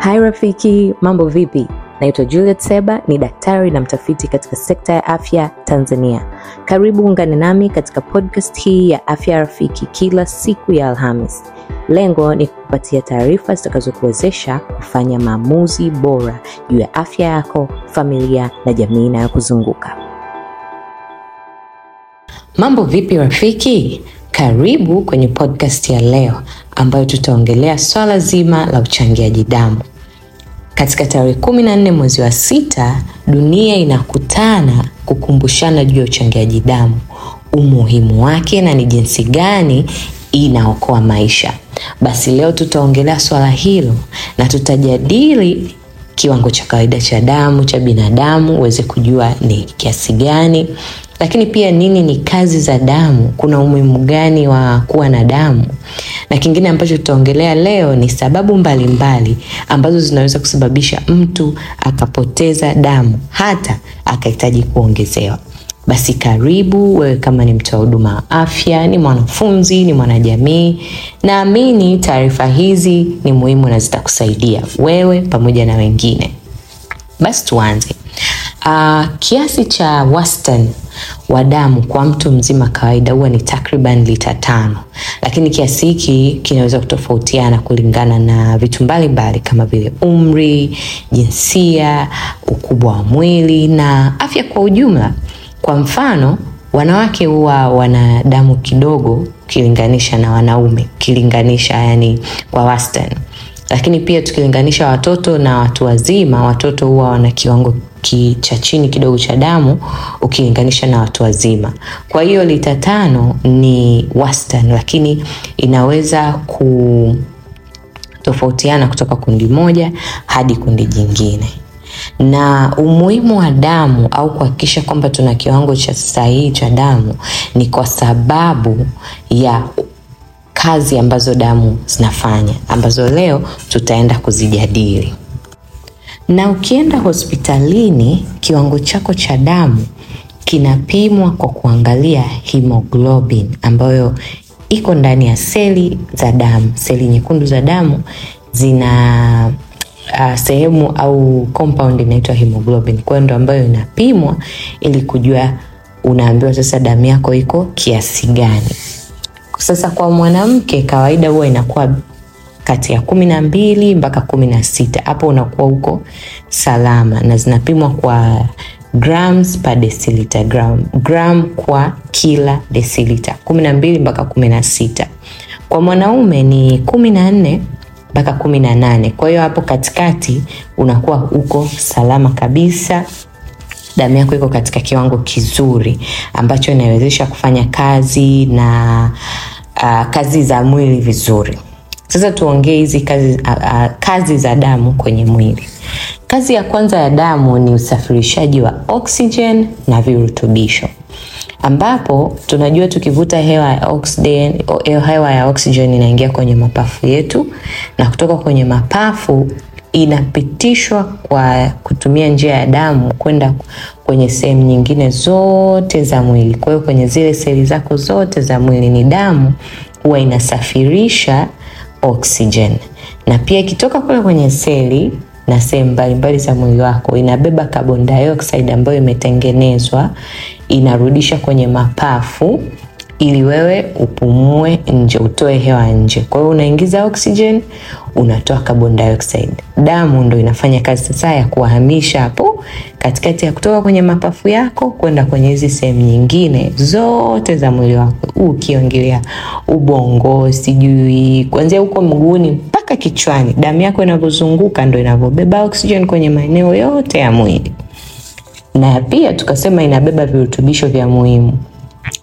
Hai rafiki, mambo vipi? Naitwa Juliet Seba, ni daktari na mtafiti katika sekta ya afya Tanzania. Karibu ungane nami katika podcast hii ya Afya Rafiki kila siku ya Alhamis. Lengo ni kukupatia taarifa zitakazokuwezesha kufanya maamuzi bora juu ya afya yako, familia na jamii inayokuzunguka. Mambo vipi rafiki? Karibu kwenye podcast ya leo ambayo tutaongelea swala zima la uchangiaji damu. Katika tarehe 14 mwezi wa sita, dunia inakutana kukumbushana juu ya uchangiaji damu, umuhimu wake na ni jinsi gani inaokoa maisha. Basi leo tutaongelea swala hilo na tutajadili kiwango cha kawaida cha damu cha binadamu uweze kujua ni kiasi gani lakini pia nini ni kazi za damu kuna umuhimu gani wa kuwa na damu na kingine ambacho tutaongelea leo ni sababu mbalimbali mbali, ambazo zinaweza kusababisha mtu akapoteza damu hata akahitaji kuongezewa basi karibu wewe, kama ni mtoa huduma wa afya, ni mwanafunzi, ni mwanajamii, naamini taarifa hizi ni muhimu na zitakusaidia wewe pamoja na wengine. Basi tuanze. Uh, kiasi cha wastani wa damu kwa mtu mzima kawaida huwa ni takriban lita tano, lakini kiasi hiki kinaweza kutofautiana kulingana na vitu mbalimbali kama vile umri, jinsia, ukubwa wa mwili na afya kwa ujumla. Kwa mfano, wanawake huwa wana damu kidogo ukilinganisha na wanaume, ukilinganisha yani kwa wastani. Lakini pia tukilinganisha watoto na watu wazima, watoto huwa wana kiwango cha chini kidogo cha damu ukilinganisha na watu wazima. Kwa hiyo lita tano ni wastani, lakini inaweza ku tofautiana kutoka kundi moja hadi kundi jingine na umuhimu wa damu au kuhakikisha kwamba tuna kiwango cha sahihi cha damu ni kwa sababu ya kazi ambazo damu zinafanya ambazo leo tutaenda kuzijadili. Na ukienda hospitalini, kiwango chako cha damu kinapimwa kwa kuangalia hemoglobin ambayo iko ndani ya seli za damu. Seli nyekundu za damu zina uh, sehemu au compound inaitwa hemoglobin. Kwa ndo ambayo inapimwa ili kujua, unaambiwa sasa damu yako iko kiasi gani. Sasa kwa mwanamke kawaida huwa inakuwa kati ya kumi na mbili mpaka kumi na sita hapo unakuwa huko salama, na zinapimwa kwa grams per deciliter, gram, gram kwa kila deciliter, kumi na mbili mpaka kumi na sita Kwa mwanaume ni kumi na nne mpaka kumi na nane. Kwa hiyo hapo katikati unakuwa uko salama kabisa damu yako iko katika kiwango kizuri ambacho inawezesha kufanya kazi na uh, kazi za mwili vizuri. Sasa tuongee hizi kazi, uh, uh, kazi za damu kwenye mwili. Kazi ya kwanza ya damu ni usafirishaji wa oksijeni na virutubisho ambapo tunajua tukivuta hewa ya oksijeni, hewa ya oksijeni inaingia kwenye mapafu yetu na kutoka kwenye mapafu inapitishwa kwa kutumia njia ya damu kwenda kwenye sehemu nyingine zote za mwili. Kwa hiyo kwenye zile seli zako zote za mwili ni damu huwa inasafirisha oksijeni, na pia ikitoka kule kwenye seli na sehemu mbalimbali za mwili wako. Inabeba carbon dioxide ambayo imetengenezwa, inarudisha kwenye mapafu ili wewe upumue nje, utoe hewa nje. Kwa hiyo unaingiza oxygen, unatoa carbon dioxide. Damu ndo inafanya kazi sasa ya kuwahamisha hapo katikati ya kutoka kwenye mapafu yako kwenda kwenye hizi sehemu nyingine zote za mwili wako, ukiongelea ubongo, sijui kuanzia huko mguuni mpaka kichwani. Damu yako inavyozunguka ndo inavyobeba oxygen kwenye maeneo yote ya mwili, na pia tukasema inabeba virutubisho vya muhimu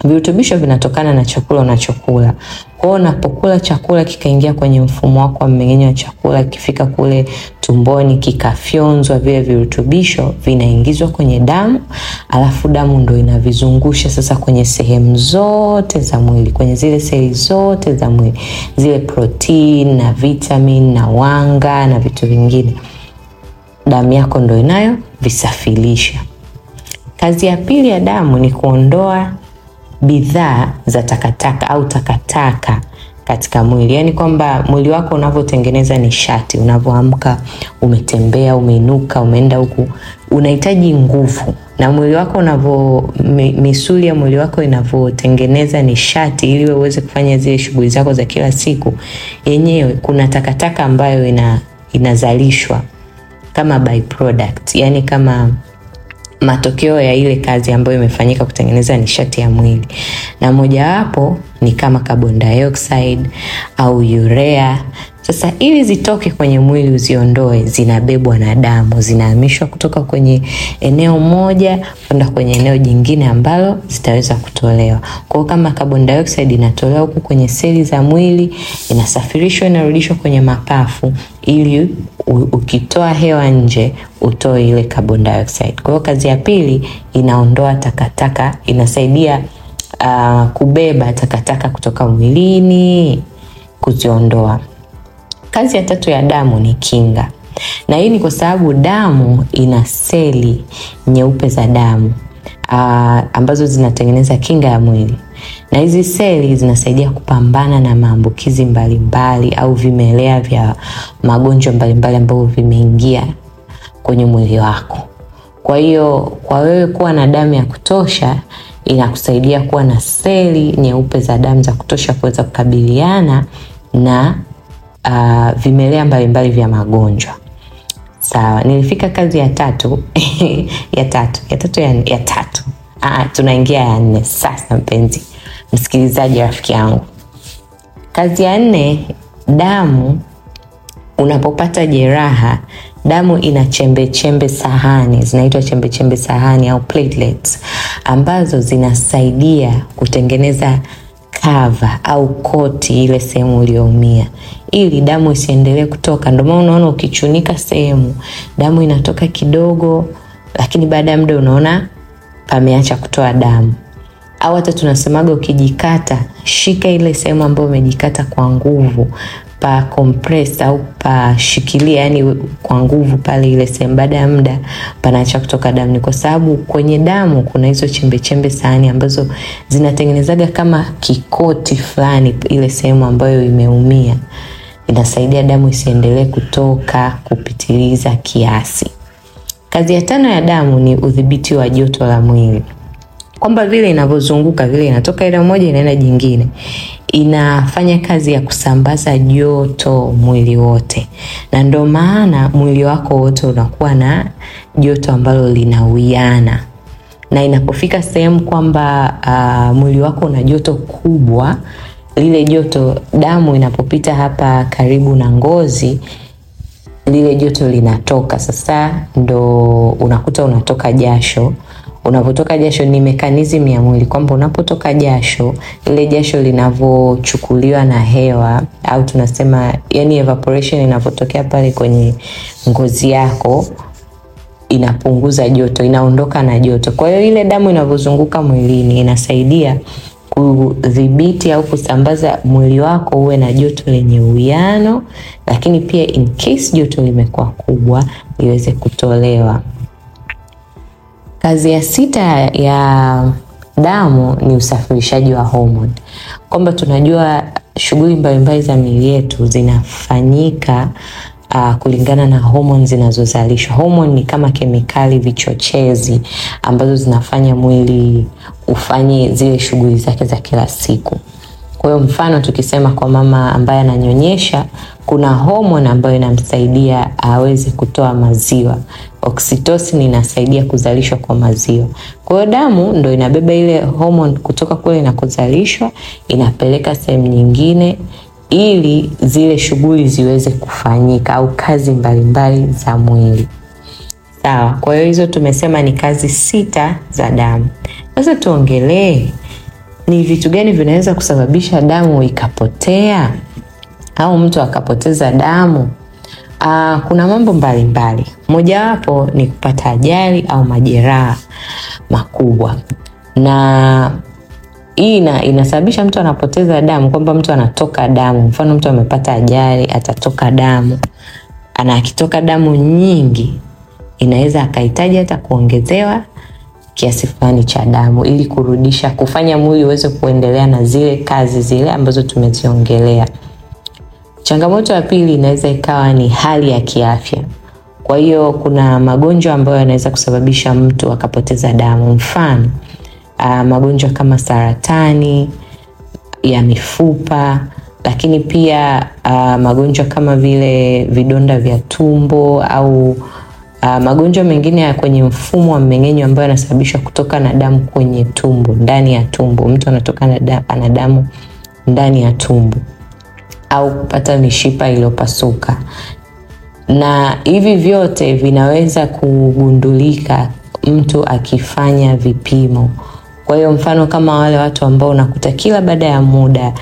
Virutubisho vinatokana na chakula unachokula. Kwa hiyo unapokula chakula kikaingia kwenye mfumo wako wa mmeng'enyo wa chakula, kifika kule tumboni kikafyonzwa, vile virutubisho vinaingizwa kwenye damu, alafu damu ndo inavizungusha sasa kwenye sehemu zote za mwili, kwenye zile seli zote za mwili, zile protini na vitamini na wanga na vitu vingine, damu yako ndo inayo visafirisha. Kazi ya pili ya damu ni kuondoa bidhaa za takataka au takataka katika mwili, yaani kwamba mwili wako unavyotengeneza nishati, unavyoamka, umetembea, umeinuka, umeenda huku, unahitaji nguvu, na mwili wako unavyo, misuli ya mwili wako inavyotengeneza nishati ili uweze kufanya zile shughuli zako za kila siku, yenyewe kuna takataka ambayo ina, inazalishwa kama byproduct, yani kama matokeo ya ile kazi ambayo imefanyika kutengeneza nishati ya mwili, na mojawapo ni kama carbon dioxide au urea sasa ili zitoke kwenye mwili uziondoe, zinabebwa na damu, zinahamishwa kutoka kwenye eneo moja kwenda kwenye eneo jingine ambalo zitaweza kutolewa. Kwa hiyo kama carbon dioxide inatolewa huku kwenye seli za mwili, inasafirishwa, inarudishwa kwenye mapafu ili ukitoa hewa nje utoe ile carbon dioxide. Kwa hiyo kazi ya pili inaondoa takataka, inasaidia uh, kubeba takataka kutoka mwilini kuziondoa. Kazi ya tatu ya damu ni kinga, na hii ni kwa sababu damu ina seli nyeupe za damu aa, ah, ambazo zinatengeneza kinga ya mwili, na hizi seli zinasaidia kupambana na maambukizi mbalimbali au vimelea vya magonjwa mbalimbali ambavyo vimeingia kwenye mwili wako. Kwa hiyo kwa wewe kuwa na damu ya kutosha inakusaidia kuwa na seli nyeupe za damu za kutosha kuweza kukabiliana na uh, vimelea mbalimbali vya magonjwa sawa nilifika kazi ya tatu ya tatu ya tatu ya, ya tatu ah, tunaingia ya nne sasa mpenzi msikilizaji rafiki yangu kazi ya nne damu unapopata jeraha damu ina chembe chembe sahani zinaitwa chembe chembe sahani au platelets ambazo zinasaidia kutengeneza kava au koti ile sehemu uliyoumia ili damu isiendelee kutoka. Ndio maana unaona ukichunika sehemu damu inatoka kidogo, lakini baada ya muda unaona pameacha kutoa damu. Au hata tunasemaga ukijikata, shika ile sehemu ambayo umejikata kwa nguvu, pa compress au pashikilia yani kwa nguvu pale ile sehemu, baada ya muda panaacha kutoka damu. Ni kwa sababu kwenye damu kuna hizo chembechembe sahani ambazo zinatengenezaga kama kikoti fulani, ile sehemu ambayo imeumia inasaidia damu isiendelee kutoka kupitiliza kiasi. Kazi ya tano ya damu ni udhibiti wa joto la mwili, kwamba vile inavyozunguka vile inatoka ile moja inaenda jingine inafanya kazi ya kusambaza joto mwili wote, na ndio maana mwili wako wote unakuwa na joto ambalo linawiana na inapofika sehemu kwamba uh, mwili wako una joto kubwa, lile joto, damu inapopita hapa karibu na ngozi, lile joto linatoka. Sasa ndo unakuta unatoka jasho Unapotoka jasho ni mekanizmu ya mwili kwamba unapotoka jasho, ile jasho linavochukuliwa na hewa au tunasema yani evaporation inapotokea pale kwenye ngozi yako inapunguza joto, inaondoka na joto. Kwa hiyo ile damu inavyozunguka mwilini inasaidia kudhibiti au kusambaza mwili wako uwe na joto lenye uwiano, lakini pia in case joto limekuwa kubwa liweze kutolewa. Kazi ya sita ya damu ni usafirishaji wa homoni, kwamba tunajua shughuli mbalimbali za miili yetu zinafanyika Uh, kulingana na homoni zinazozalishwa. Homoni ni kama kemikali vichochezi ambazo zinafanya mwili ufanye zile shughuli zake za kila siku. Kwa hiyo mfano tukisema kwa mama ambaye ananyonyesha, kuna homoni ambayo inamsaidia aweze kutoa maziwa. Oxytocin inasaidia kuzalishwa kwa maziwa. Kwa hiyo damu ndo inabeba ile homoni kutoka kule inakozalishwa inapeleka sehemu nyingine ili zile shughuli ziweze kufanyika au kazi mbalimbali mbali za mwili. Sawa. Kwa hiyo hizo tumesema ni kazi sita za damu. Sasa tuongelee ni vitu gani vinaweza kusababisha damu ikapotea au mtu akapoteza damu? Aa, ah, kuna mambo mbalimbali, mojawapo ni kupata ajali au majeraha makubwa, na hii ina, inasababisha mtu anapoteza damu, kwamba mtu anatoka damu. Mfano, mtu amepata ajali atatoka damu, ana akitoka damu nyingi inaweza akahitaji hata kuongezewa kiasi fulani cha damu ili kurudisha, kufanya mwili uweze kuendelea na zile kazi zile ambazo tumeziongelea. Changamoto ya pili inaweza ikawa ni hali ya kiafya. Kwa hiyo kuna magonjwa ambayo yanaweza kusababisha mtu akapoteza damu, mfano uh, magonjwa kama saratani ya mifupa, lakini pia uh, magonjwa kama vile vidonda vya tumbo au Uh, magonjwa mengine ya kwenye mfumo wa mmeng'enyo ambayo yanasababishwa kutoka na damu kwenye tumbo, ndani ya tumbo. Mtu anatoka na damu, ana damu ndani ya tumbo au kupata mishipa iliyopasuka, na hivi vyote vinaweza kugundulika mtu akifanya vipimo. Kwa hiyo mfano kama wale watu ambao unakuta kila baada ya muda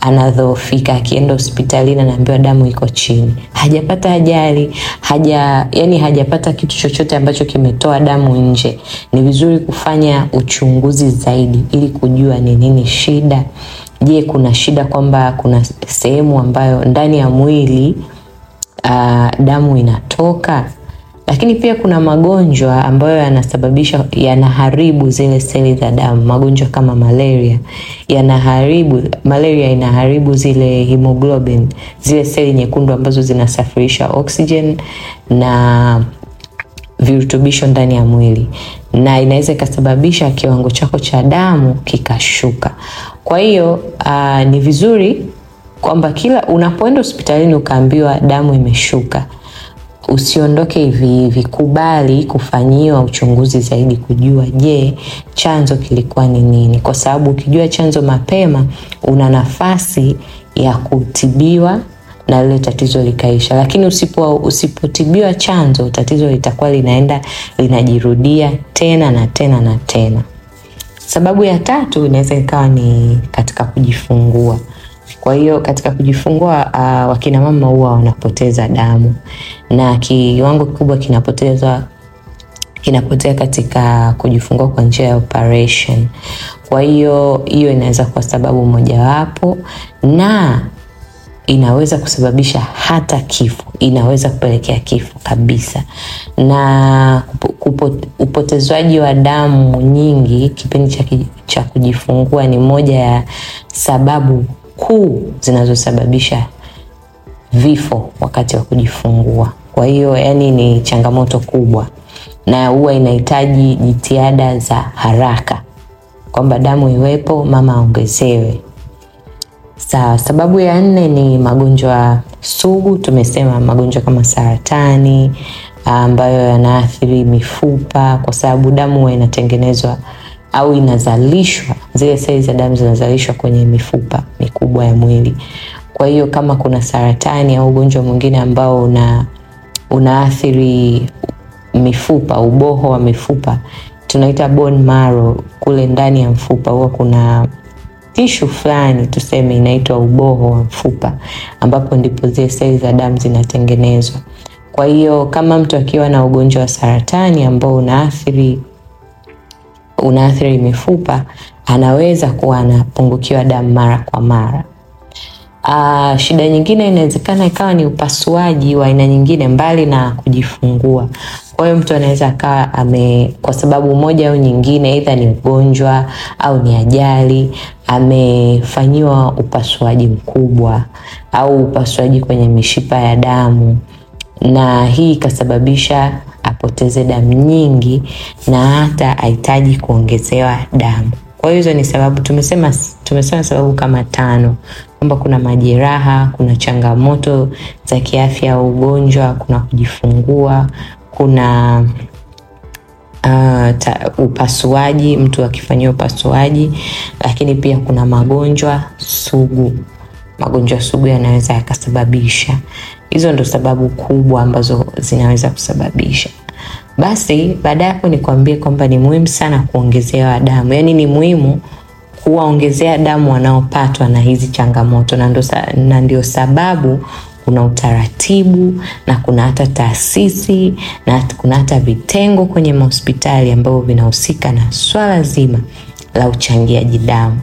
anadhoofika, akienda hospitalini anaambiwa damu iko chini, hajapata ajali haja, yani hajapata kitu chochote ambacho kimetoa damu nje, ni vizuri kufanya uchunguzi zaidi ili kujua ni nini shida. Je, kuna shida kwamba kuna sehemu ambayo ndani ya mwili uh, damu inatoka lakini pia kuna magonjwa ambayo yanasababisha, yanaharibu zile seli za damu. Magonjwa kama malaria yanaharibu, malaria inaharibu zile hemoglobin, zile seli nyekundu ambazo zinasafirisha oxygen na virutubisho ndani ya mwili, na inaweza ikasababisha kiwango chako cha damu kikashuka. Kwa hiyo uh, ni vizuri kwamba kila unapoenda hospitalini ukaambiwa damu imeshuka usiondoke hivi hivi, kubali kufanyiwa uchunguzi zaidi, kujua je, chanzo kilikuwa ni nini, kwa sababu ukijua chanzo mapema una nafasi ya kutibiwa na lile tatizo likaisha, lakini usipo usipotibiwa chanzo, tatizo litakuwa linaenda linajirudia tena na tena na tena. Sababu ya tatu inaweza ikawa ni katika kujifungua. Kwa hiyo katika kujifungua, uh, mama huwa wanapoteza damu na kiwango kikubwa kinapotezwa kinapotea katika kujifungua kwa njia ya operation. Kwa hiyo hiyo inaweza kuwa sababu mojawapo, na inaweza kusababisha hata kifo, inaweza kupelekea kifo kabisa. Na upotezwaji wa damu nyingi kipindi cha, cha kujifungua ni moja ya sababu kuu zinazosababisha vifo wakati wa kujifungua. Kwa hiyo yani ni changamoto kubwa, na huwa inahitaji jitihada za haraka kwamba damu iwepo, mama aongezewe. Sawa. Sababu ya nne ni magonjwa sugu. Tumesema magonjwa kama saratani ambayo yanaathiri mifupa, kwa sababu damu huwa inatengenezwa au inazalishwa, zile seli za damu zinazalishwa kwenye mifupa mikubwa ya mwili. Kwa hiyo kama kuna saratani au ugonjwa mwingine ambao una unaathiri mifupa, uboho wa mifupa tunaita bone marrow. Kule ndani ya mfupa huwa kuna tishu fulani tuseme inaitwa uboho wa mfupa, ambapo ndipo zile seli za damu zinatengenezwa. Kwa hiyo kama mtu akiwa na ugonjwa wa saratani ambao unaathiri unaathiri mifupa, anaweza kuwa anapungukiwa damu mara kwa mara. Uh, shida nyingine inawezekana ikawa ni upasuaji wa aina nyingine mbali na kujifungua. Kwa hiyo mtu anaweza akawa ame, kwa sababu moja au nyingine, aidha ni ugonjwa au ni ajali, amefanyiwa upasuaji mkubwa au upasuaji kwenye mishipa ya damu, na hii ikasababisha apoteze damu nyingi na hata ahitaji kuongezewa damu. Kwa hiyo hizo ni sababu tumesema, tumesema sababu kama tano kwamba kuna majeraha, kuna changamoto za kiafya au ugonjwa, kuna kujifungua, kuna uh, ta, upasuaji, mtu akifanyia upasuaji, lakini pia kuna magonjwa sugu. Magonjwa sugu yanaweza yakasababisha. Hizo ndo sababu kubwa ambazo zinaweza kusababisha basi baada ya hapo nikwambie kwamba ni muhimu sana kuongezewa damu, yaani ni muhimu kuwaongezea damu wanaopatwa na hizi changamoto, na ndio sababu kuna utaratibu na kuna hata taasisi na kuna hata vitengo kwenye mahospitali ambavyo vinahusika na swala zima la uchangiaji damu,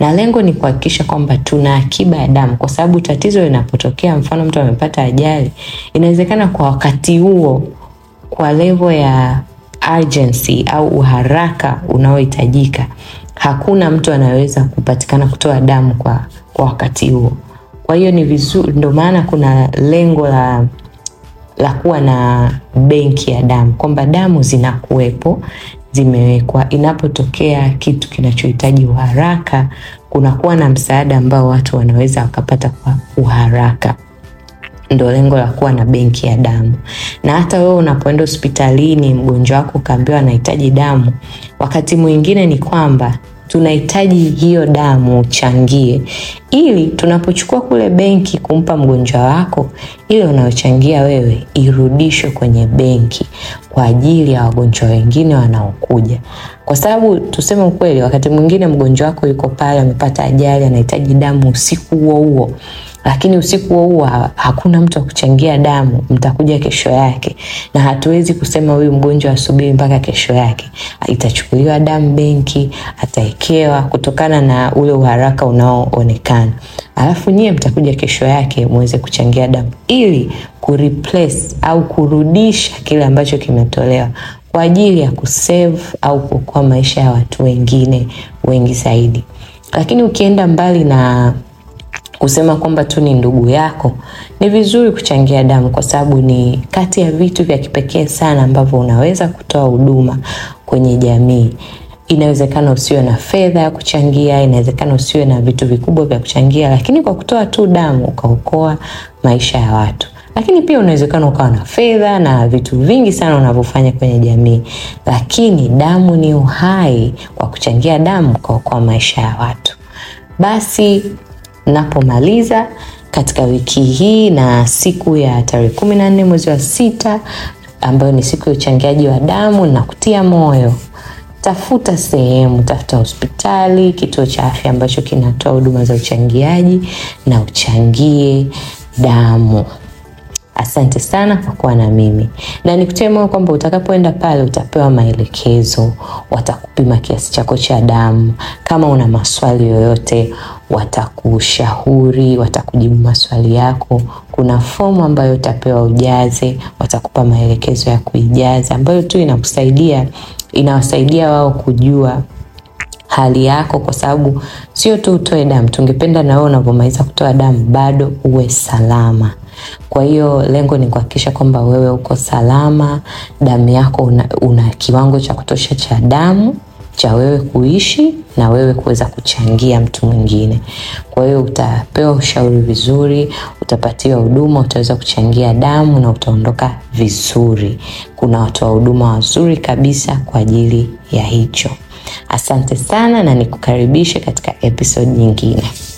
na lengo ni kuhakikisha kwamba tuna akiba ya damu, kwa sababu tatizo linapotokea, mfano mtu amepata ajali, inawezekana kwa wakati huo, kwa levo ya urgency au uharaka unaohitajika hakuna mtu anayeweza kupatikana kutoa damu kwa, kwa wakati huo. Kwa hiyo ni vizuri, ndio maana kuna lengo la la kuwa na benki ya damu kwamba damu zinakuwepo zimewekwa, inapotokea kitu kinachohitaji uharaka, kunakuwa na msaada ambao watu wanaweza wakapata kwa uharaka. Ndo lengo la kuwa na benki ya damu. Na hata wewe unapoenda hospitalini, mgonjwa wako ukaambiwa anahitaji damu, wakati mwingine ni kwamba tunahitaji hiyo damu uchangie, ili tunapochukua kule benki kumpa mgonjwa wako, ile unayochangia wewe irudishwe kwenye benki kwa ajili ya wagonjwa wengine wanaokuja, kwa sababu tuseme ukweli, wakati mwingine mgonjwa wako yuko pale amepata ajali, anahitaji damu usiku huo huo lakini usiku huo huo hakuna mtu wa kuchangia damu, mtakuja kesho yake, na hatuwezi kusema huyu mgonjwa asubiri mpaka kesho yake. Itachukuliwa damu benki, ataekewa kutokana na ule uharaka unaoonekana, alafu nyie mtakuja kesho yake muweze kuchangia damu ili kureplace au kurudisha kile ambacho kimetolewa kwa ajili ya kusave au kuokoa maisha ya watu wengine wengi zaidi. Lakini ukienda mbali na kusema kwamba tu ni ndugu yako, ni vizuri kuchangia damu, kwa sababu ni kati ya vitu vya kipekee sana ambavyo unaweza kutoa huduma kwenye jamii. Inawezekana usiwe na fedha ya kuchangia, inawezekana usiwe na vitu vikubwa vya kuchangia, lakini kwa kutoa tu damu ukaokoa maisha ya watu lakini pia unawezekana ukawa na fedha na vitu vingi sana unavyofanya kwenye jamii, lakini damu ni uhai. Kwa kuchangia damu ukaokoa maisha ya watu, basi napomaliza katika wiki hii na siku ya tarehe kumi na nne mwezi wa sita ambayo ni siku ya uchangiaji wa damu, na kutia moyo, tafuta sehemu, tafuta hospitali, kituo cha afya ambacho kinatoa huduma za uchangiaji na uchangie damu. Asante sana kwa kuwa na mimi, na nikutie moyo kwamba utakapoenda pale utapewa maelekezo, watakupima kiasi chako cha damu. Kama una maswali yoyote watakushauri, watakujibu maswali yako. Kuna fomu ambayo utapewa ujaze, watakupa maelekezo ya kuijaza ambayo tu inakusaidia, inawasaidia wao kujua hali yako, kwa sababu sio tu utoe damu, tungependa na wewe unavyomaliza kutoa damu bado uwe salama. Kwa hiyo lengo ni kuhakikisha kwamba wewe uko salama, damu yako una, una kiwango cha kutosha cha damu cha wewe kuishi na wewe kuweza kuchangia mtu mwingine. Kwa hiyo utapewa ushauri vizuri, utapatiwa huduma, utaweza kuchangia damu na utaondoka vizuri. Kuna watoa huduma wazuri kabisa kwa ajili ya hicho. Asante sana na nikukaribishe katika episode nyingine.